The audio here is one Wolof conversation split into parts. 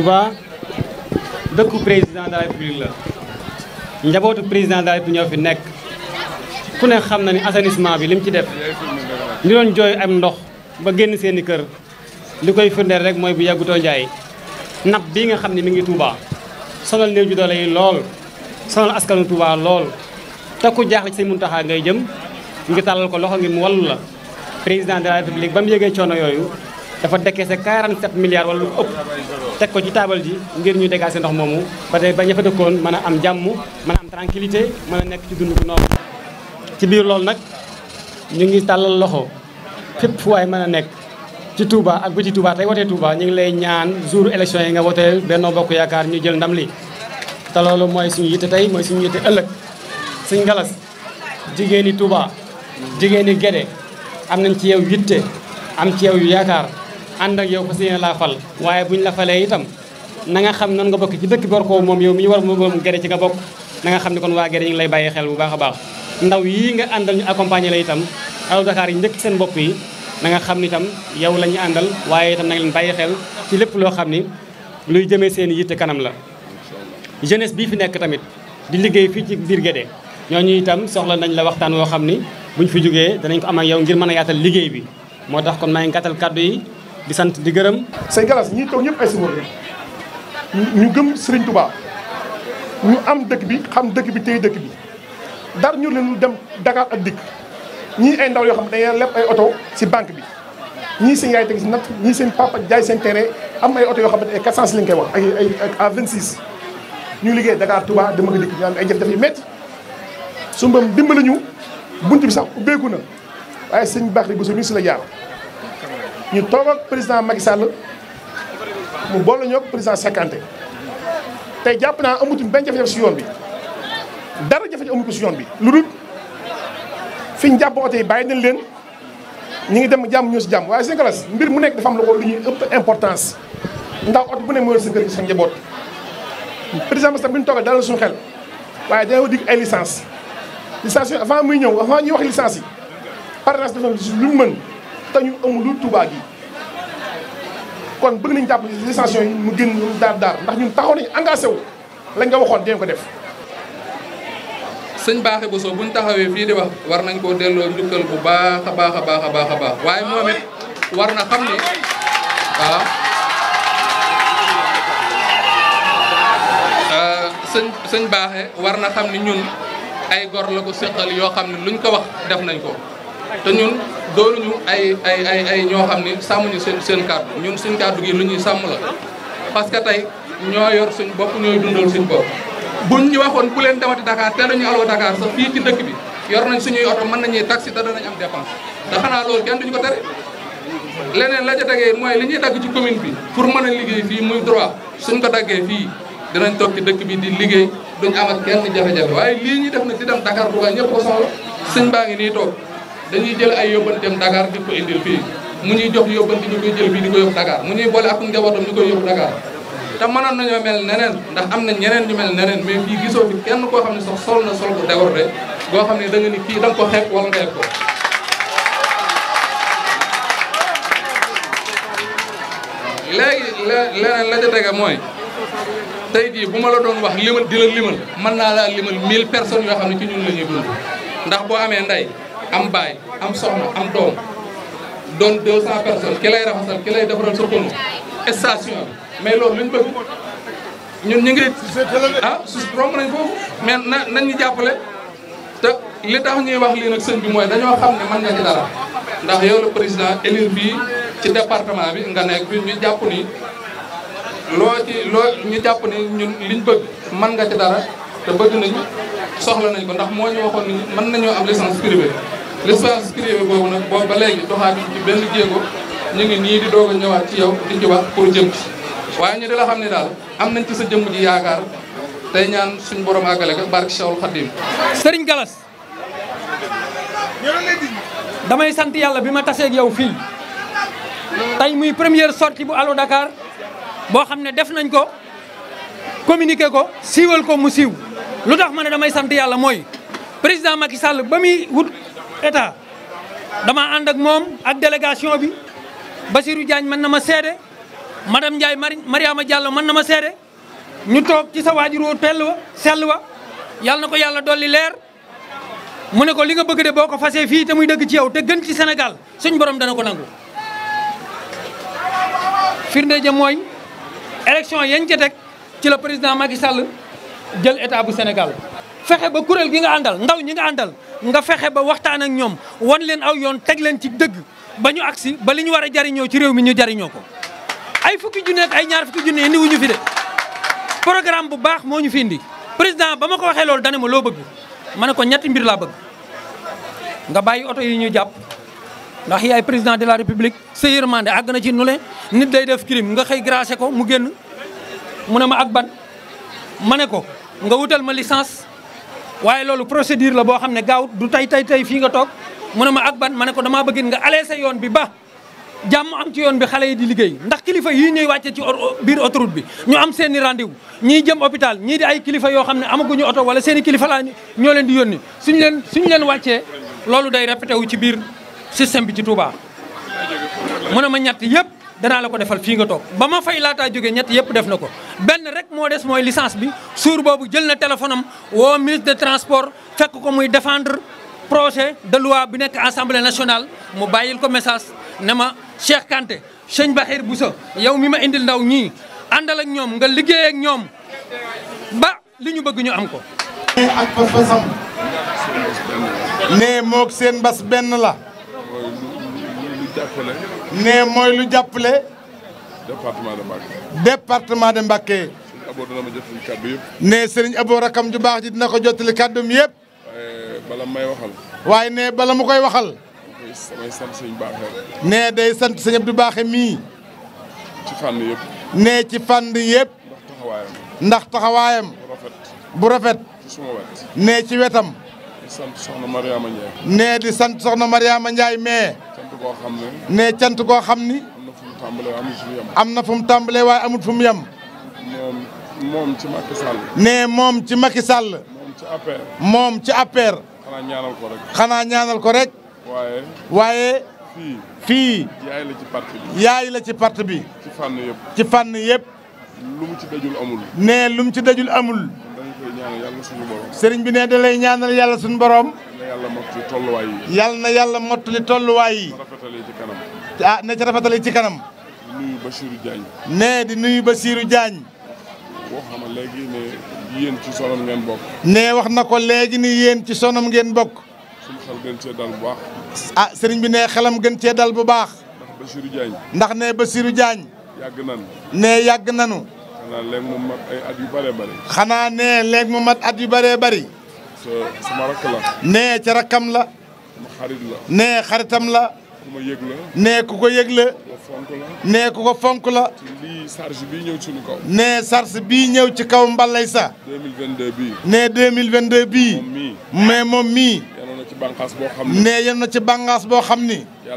Touba dëkku président de la république la njabootu président de la république ñoo fi nekk ku ne xam na ni assainissement bi lim ci def ñu doon jooy am ndox ba génn seeni kër li koy firndeel rek mooy bu yàggutoo njaay napp bii nga xam ne mi ngi Touba sonal néew ju doole yi lool sonal askanu Touba lool te ku jaaxle ci Sëñ Muntaxa ngay jëm ngi tàllal ko loxo ngir mu wallu la président de la république ba mu yëgee coono yooyu dafa décaissé 47 milliards wala lu ëpp teg ko ci taabal ji ngir ñu dégager ndox moomu ba tey ba ña fa dëkkoon mën a am jàmm mën a am tranquillité mën a nekk ci dund gu noonu ci biir loolu nag ñu ngi tàllal loxo fépp fu waay mën a nekk ci Touba ak bu ci Touba tey wotee Touba ñu ngi lay ñaan jour élection yi nga woteel Benno Bokk Yaakaar ñu jël ndam li te loolu mooy suñu yitte tey mooy suñu yitte ëllëg suñ ngalas jigéeni Touba jigéeni Guédé am nañ ci yow yitte am ci yow yaakaar ànd ak yow fas yéene laa fal waaye buñ la falee itam na nga xam noonu nga bokk ci dëkk bi war koo moom yow mi ñu war moom gere ci nga bokk na nga xam ne kon waa gere ñu lay bàyyi xel bu baax a baax ndaw yii nga àndal ñu accompagner la itam Allo Dakar yi njëkk seen bopp yi na nga xam ni itam yow la ñu àndal waaye itam na leen bàyyi xel ci lépp loo xam ni luy jëmee seen yitte kanam la jeunesse bii fi nekk tamit di liggéey fii ci biir Guédé ñooñu itam soxla nañ la waxtaan woo xam ni buñ fi jógee danañ ko am yow ngir mën yaatal liggéey bi moo tax kon kàddu yi di sant di gërëm. say galas ñii toog ñëpp ay suba ñu gëm Serigne Touba ñu am dëkk bi xam dëkk bi tey dëkk bi dara ñu leen dem Dakar ak dikk ñii ay ndaw yoo xam ne dañuy leb ay oto si banque bi. ñii seen yaay teg si natt ñii seen papa jaay seen terrain am ay oto yoo xam ne ay 400 lañ koy wax ay ay à 26. ñu liggéey Dakar Touba dama ko dikk ay jafe-jafe yu métti su mbam dimbali ñu bunt bi sax ubbeeku na waaye sëñ baax rek bu si la jaar. ñu toog ak président Macky Sall mu boole ñoo président cinquante tey jàpp naa amatuñ benn jafe-jafe si yoon bi dara jafe-jafe amatu si yoon bi. lu dul fi ñu jàpp oto yi nañ leen ñu ngi dem jàmm ñoo si jàmm waaye seen mbir mu nekk defam am lu ko lu ëpp importance ndax oto bu ne mooy sa kër gi sa njaboot président Macky Sall bi ñu toogal dalal suñu waaye dina ko dig ay licence licence yooyu avant muy ñëw avant ñuy wax licence yi parrainage dafa lu mu mën. te ñu amul Touba yi kon bëgg nañ jàpp ci yi mu génn daar daal ndax ñun taxaw nañ engagé wu lañ nga waxoon dinañ ko def. sëñ Baaxe Bousso buñ taxawee fii di wax war nañ koo delloo njukkal bu baax a baax a baax a baax a baax waaye moom war na xam ni waaw. Euh, sëñ sëñ Baaxe war na xam ni ñun ay gor la ko seqal yoo xam ne luñ ko wax def nañ ko. te ñun doonuñu ay ay ay ay ñoo xam ni sàmmuñu seen seen kàddu ñun suñ kàddu gi lu ñuy sàmm la parce que tey ñoo yor suñ bopp ñooy dundal suñ bopp buñ ñu waxoon bu leen demati Dakar te dañu aloo Dakar sax fii ci dëkk bi yor nañ suñuy oto mën nañuy taxi te danañ am dépense te xanaa loolu kenn duñu ko tere leneen la ca tegee mooy li ñuy dagg ci commune bi pour mën a liggéey fii muy droit suñ ko daggee fii dinañ toog ci dëkk bi di liggéey duñ am kenn jafe-jafe waaye lii ñuy def nag di dem Dakar Dubaay ñëpp ko soxla suñ baa ngi nii toog dañuy jël ay yóbbanteem Dakar di ko indil fii mu ñuy jox yóbbante ñu koy jël fii di ko yóbbu Dakar mu ñuy boole ak njabootam ñu koy yóbbu Dakar te mënoon nañoo mel neneen ndax am na ñeneen ñu mel neneen mais ñuy gisoo fi kenn koo xam ne sax sol na sol bu débordé goo xam ne da nga ni kii da nga ko xeeb wala nga xeeb ko léegi leneen la ca tege mooy tey jii bu ma la doon wax limal di la limal mën naa laa limal mille personnes yoo xam ne ci ñun la ñuy ndax boo amee ndey am baay am soxla am doom doon 200 personnes ki lay raxasal ki lay defaral sa konu station mais loolu lu ñu bëgg ñun ñu ngi ah su romb nañ foofu mais na nañ ñu jàppale te li tax ñuy wax lii nag sëñ bi mooy dañoo xam ne mën nga ci dara ndax yow le président élu bii ci département bi nga nekk bi ñu jàpp nii loo ci loo ñu jàpp ni ñun liñ bëgg mën nga ci dara te bëgg nañu soxla nañ ko ndax moo ñu waxoon nii mën nañoo am licence privée l'espace privé boobu nag boobu ba léegi doxaatuñ ci benn jéego ñu ngi nii di doog ñëwaat ci yow di ci wax pour jëm ci waaye ñu di la xam ne daal am nañ ci sa jëmm ji yaakaar tey ñaan suñ borom àggale ko barke Cheikhul Khadim Serigne Galas damay sant yàlla bi ma taseeg yow fii tey muy première sortie bu Allo Dakar boo xam ne def nañ ko communiqué ko siiwal ko mu siiw lu tax ma ne damay sant yàlla mooy président Macky Sall ba muy wut état dama ànd ak moom ak délégation bi Basirou Diagne mën na ma seede madame Ndiaye Mari Mariama Diallo mën na ma seede ñu toog ci sa waajur woo tell wa sell wa yàlla na ko yàlla dolli leer mu ne ko li nga bëgg de boo ko fasee fii te muy dëgg ci yow te gën ci senegal suñ borom dana ko nangu. firnde ja mooy élection yañ ca teg ci la président Macky sàll jël état bu senegal fexe ba kuréel gi nga àndal ndaw ñi nga àndal nga fexe ba waxtaan ak ñoom wan leen aw yoon teg leen ci dëgg ba ñu agsi ba li ñu war a jariñoo ci réew mi ñu jariñoo ko ay fukki junne ak ay ñaar fukki junne indi wuñu fi de programme bu baax moo ñu fi indi président ba ma ko waxee loolu dane ma loo bëgg ma ne ko ñetti mbir laa bëgg nga bàyyi oto yi ñu jàpp ndax yaay président de la république sa yërmande àgg na ci nu le nit day def crime nga xëy gracé ko mu génn mu ne ma ak ban ma ne ko nga wutal ma licence waaye loolu procédure la boo xam ne gaaw du tey tey tey fii nga toog mu ne ma ak ban ma ne ko damaa bëgg nga alee yoon bi ba jàmm am ci yoon bi xale yi di liggéey ndax kilifa yi ñuy wàcce ci oto biir autoroute bi ñu am seeni i rendez-vous ñii jëm hôpital ñii di ay kilifa yoo xam ne amaguñu oto wala seeni i kilifa laa ñoo leen di yónni suñu leen suñu leen wàccee loolu day répété wu ci biir système bi ci Touba mu ne ma ñett yëpp danaa la ko defal fii nga toog ba ma fay laataa jóge ñett yëpp def na ko benn rek moo des mooy licence bi suur boobu jël na téléphone woo ministre de transport fekk ko muy défendre projet de loi bi nekk assemblée nationale mu bàyyil ko message ne ma Cheikh ba sëñ bu Boussa yow mi ma indil ndaw ñi àndal ak ñoom nga liggéey ñoom ba li ñu bëgg ñu am ko. ak bas basam. seen bas benn la. jàppale. ne mooy lu jàppale. département de Mbacké. département de Mbacké. ne Serigne Abo rakam ju baax ji dina ko jottali kàddum yëpp. waaye bala may waxal. waaye ne bala mu koy waxal. damay sant Serigne Baaxe. ne day sant Serigne Abdou Baaxe mii. ci ne ci fànn yëpp. ndax taxawaayam. bu rafet. ne ci wetam. di soxna Mariama Ndiaye. ne di sant soxna Mariama Ndiaye mais. goo xam ne. ne cant goo xam ni. am na fu mu tàmbalee waaye amut fu mu yem. moom ci Macky Sall. ne moom ci Macky Sall. moom ci APR. moom ci APR. xanaa ñaanal ko rek. xanaa ñaanal ko rek. waaye. waaye. fii. fii. la ci parti bi. ci parti bi. ci fànn yëpp. lu mu amul. ne lu mu ci dajul amul. sëriñ bi ne da lay ñaanal yàlla borom. yàlla mottali tolluwaay yi. yal na yàlla mottali tolluwaay yi. ah na ci rafetale ci kanam. di nuyu Bassirou Diagne. nee di nuyu Bassirou Diagne. boo xam ne léegi ne yéen ci sonam ngeen bokk. nee wax na ko léegi ni yéen ci sonam ngeen bokk. a xel gën ah, bi nee xelam gën cee dal bu baax. ndax Bassirou Diagne. ndax nee Bassirou nanu. xanaa léegi mu mat ay at yu bëree bëri. xanaa nee léegi mu mat at yu bëree bëri. sama rakk la. nee ca la. xarit la. nee xaritam la. ma yëg la. nee ku ko yëg la. nee ku ko fonk la. lii charge ñëw ci suñu kaw. nee charge bii ñëw ci kaw Mbalay sa. 2022 bii. nee 2022 bii. moom mii. na ci boo xam ne. nee yem na ci bànqaas boo la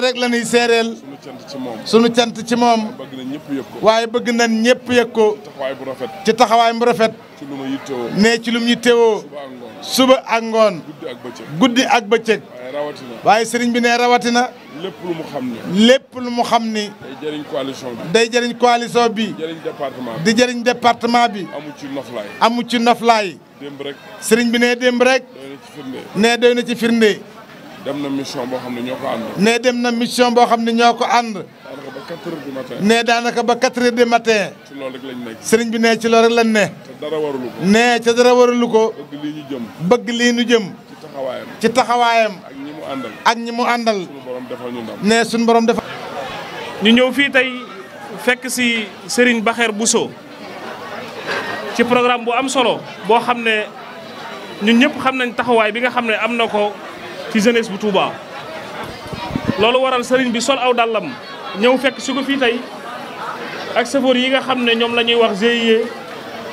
rek la ñuy seereel. sunu cant ci moom. sunu ci moom. bëgg na ñëpp yëg ko. waaye bëgg na ñëpp yëg ko. ci taxawaay bu rafet. ci taxawaay bu rafet. ci lu ma yittewoo. nee ci lu mu yittewoo. suba ak ngoon. guddi ak bëccëg. guddi ak bëccëg. waaye rawatina. waaye sëriñ bi nee rawatina. lépp lu mu xam ni. lépp lu mu xam ni. day jëriñ coalition bi. day jëriñ coalition bi. di jëriñ département bi. di jëriñ département bi. amu ci noflaay. amu ci noflaay. rek. firnde. nee doy na ci firnde. dem boo xam ne ñoo ko ànd. dem na mission boo xam ne ñoo ko ànd. daanaka ba 4 daanaka ba 4 heures du matin. ci loolu rek lañ nekk. sëriñ bi nee ci loolu rek lañ ne. te dara warulu ko. nee ca dara warulu ko. bëgg lii ñu jëm. bëgg lii ñu jëm. ci taxawaayam. ci taxawaayam. ak ñi mu àndal. ak ñi mu àndal. sunu borom defal ñu ndam. nee sunu borom defal. ñëw fii tey fekk si sëriñ Bakher Bousso ci programme bu am solo boo xam ne. ñun ñëpp xam nañ taxawaay bi nga xam ne am na ko ci jeunesse bu Touba. loolu waral sëriñ bi sol aw dàllam ñëw fekk si ko fii tey ak safoor yi nga xam ne ñoom la ñuy wax GIE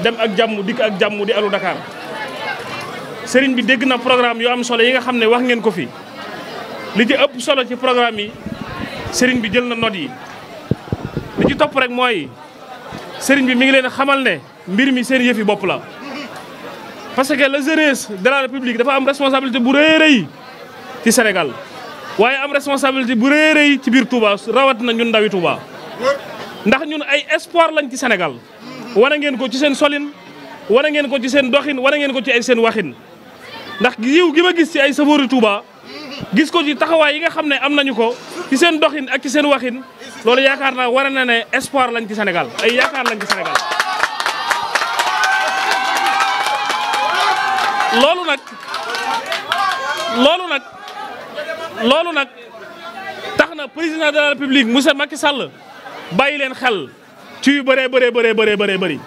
dem ak jàmm dikk ak jàmm di alu Dakar sëriñ bi dégg na programme yu am solo yi nga xam ne wax ngeen ko fi li ci ëpp solo ci programme yi sëriñ bi jël na note yi. li ci topp rek mooy sëriñ bi mi ngi leen xamal ne mbir mi seen yëfi bopp la. parce que la jeunesse de la république dafa am responsabilité bu rëy rëy ci Sénégal waaye am responsabilité bu rëy rëy ci biir Touba rawat na ñun ndawi ndax ñun ay espoir lañ ci Sénégal wane ngeen ko ci seen solin wane ngeen ko ci seen doxin wane ngeen ko ci ay seen waxin ndax yiw gi ma gis ci ay safoori Touba gis ko ci taxawaay yi nga xam ne am nañu ko ci seen doxin ak ci seen waxin loolu yaakaar naa war na ne espoir lañ ci Sénégal ay yaakaar lañ ci loolu nag loolu nag loolu nag tax na président de la république monsieur Macky Sall bàyyi leen xel ci yu bëree bëree bëree bëre bëree bëri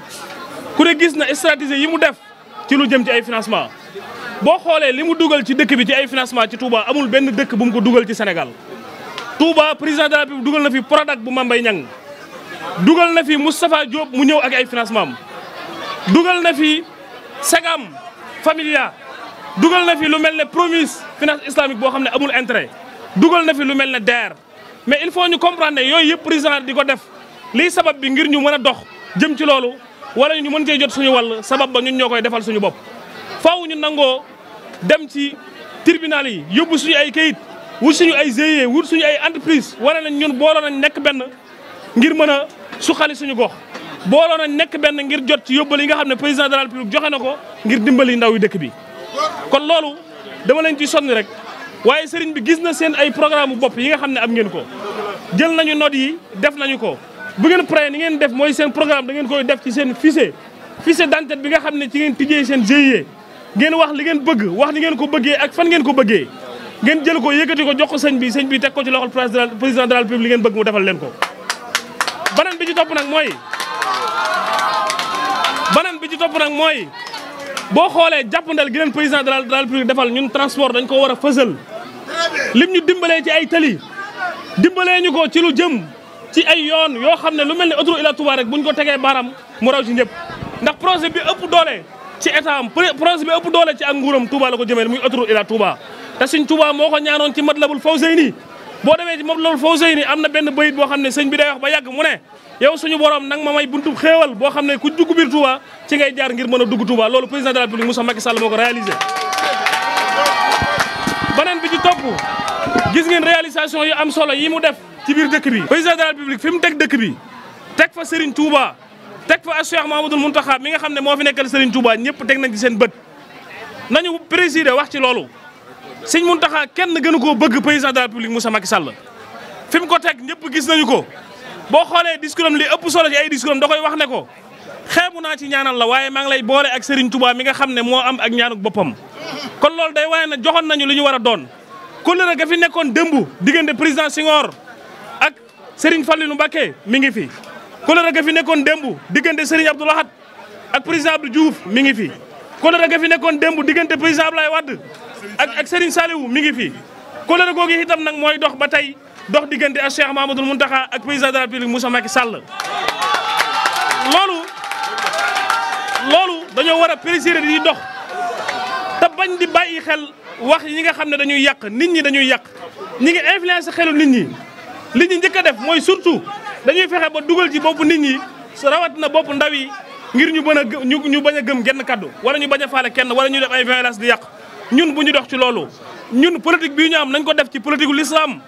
ku ne gis na stratégie yi mu def ci lu jëm ci ay financement boo xoolee li mu dugal ci dëkk bi ci ay financement ci Touba amul benn dëkk bu mu ko dugal ci Sénégal Touba président de la République dugal na fi Prodac bu Mambay Niang dugal na fi Moustapha Diop mu ñëw ak ay financement dugal na fi Segam familia dugal na fi lu mel ne promise finance islamique boo xam ne amul intérêt dugal na fi lu mel ne DER mais il faut ñu comprendre ne yooyu yëpp président di ko def lii sabab bi ngir ñu mën a dox jëm ci loolu wala ñu mën cee jot suñu wàll sabab ba ñun ñoo koy defal suñu bopp. faaw ñu nangoo dem ci tribunal yi yóbbu suñu ay kayit wut suñu ay GIE wut suñu ay entreprise wala nañ ñun boo booloo na nekk benn ngir mën a suqali suñu gox booloo nañ nekk benn ngir jot ci yóbbal yi nga xam ne président de joxe na ko. ngir dimbali ndaw yu dëkk bi kon loolu dama leen ci sonni rek waaye sëriñ bi gis na seen ay programme bopp yi nga xam ne am ngeen ko jël nañu note yi def nañu ko bu ngeen paree ni ngeen def mooy seen programme da ngeen koy def ci seen fichier fichier d'identité bi nga xam ne ci ngeen tijjee seen GIE ngeen wax li ngeen bëgg wax ni ngeen ko bëggee ak fan ngeen ko bëggee ngeen jël ko yëkkati ko jox ko sëñ bi sëñ bi teg ko ci loxol président de la République li ngeen bëgg mu bi ci topp nag mooy beneen bi ci topp mooy boo xoolee jàppandal gi leen président de la République defal ñun transport dañ ko war a fësal lim ñu dimbalee ci ay tali dimbalee ñu ko ci lu jëm ci ay yoon yoo xam ne lu mel ne autoroute Ila Touba rek buñ ko tegee baram mu raw ci ñëpp ndax projet bi ëpp doole ci état am projet bi ëpp doole ci ak nguuram Touba la ko jëmee muy autoroute Ila Touba te suñ Touba moo ko ñaanoon ci Matlabul Fawzayni boo demee ci moom loolu foo sëy ni am na benn bayit boo xam ne sëñ bi day ba yàgg mu ne yow suñu borom nag ma may buntu xéewal boo xam ne ku dugg biir Touba ci ngay jaar ngir mën a dugg Touba loolu président de la République Moussa Macky Sall moo ko réalisé beneen bi ci topp gis ngeen réalisation yi am solo yi mu def ci biir dëkk bi président de la République fi mu teg dëkk bi teg fa Serigne Touba teg fa Cheikh Mahamadul Muntaxa mi nga xam ne moo fi nekkal Serigne Touba ñëpp teg nañ ci seen bët nañu présider wax ci loolu sëñ Mountakha kenn gënu koo bëgg président de la République Moussa Macky fi mu ko teg ñëpp gis nañu ko boo xoolee discours am li ëpp solo ci ay discours am koy wax ne ko xeebu naa ci ñaanal la waaye maa ngi lay boole ak Serigne Touba mi nga xam ne moo am ak ñaanuk boppam. kon loolu day wane ne joxoon nañu li ñu war a doon kóllëre ga fi nekkoon démb diggante président Senghor ak Serigne Fallilou Mbacké mi ngi fi. kóllëre ga fi nekkoon démb diggante Serigne Abdou Lahad ak président Abdou mi ngi fi kóllëre ga fi nekkoon démb diggante président Abdoulaye Wade. ak ak Serigne Saliou mi ngi fi. kóllëre googu itam nag mooy dox ba tey dox diggante ak Cheikh Mamadou Mountakha ak président de la République Moussa Macky Sall. loolu loolu dañoo war a présider di dox te bañ di bàyyi xel wax yi nga xam ne dañuy yàq nit ñi dañuy yàq ñi ngi influence xelu nit ñi. li ñu njëkk def mooy surtout dañuy fexe ba dugal ci bopp nit ñi na bopp ndaw yi ngir ñu mën a ñu ñu bañ a gëm genn kaddu wala ñu bañ a faale kenn wala ñu def ay violence di yàq. ñun bu ñu dox ci loolu ñun politique bii ñu am nañ ko def ci politique l'islam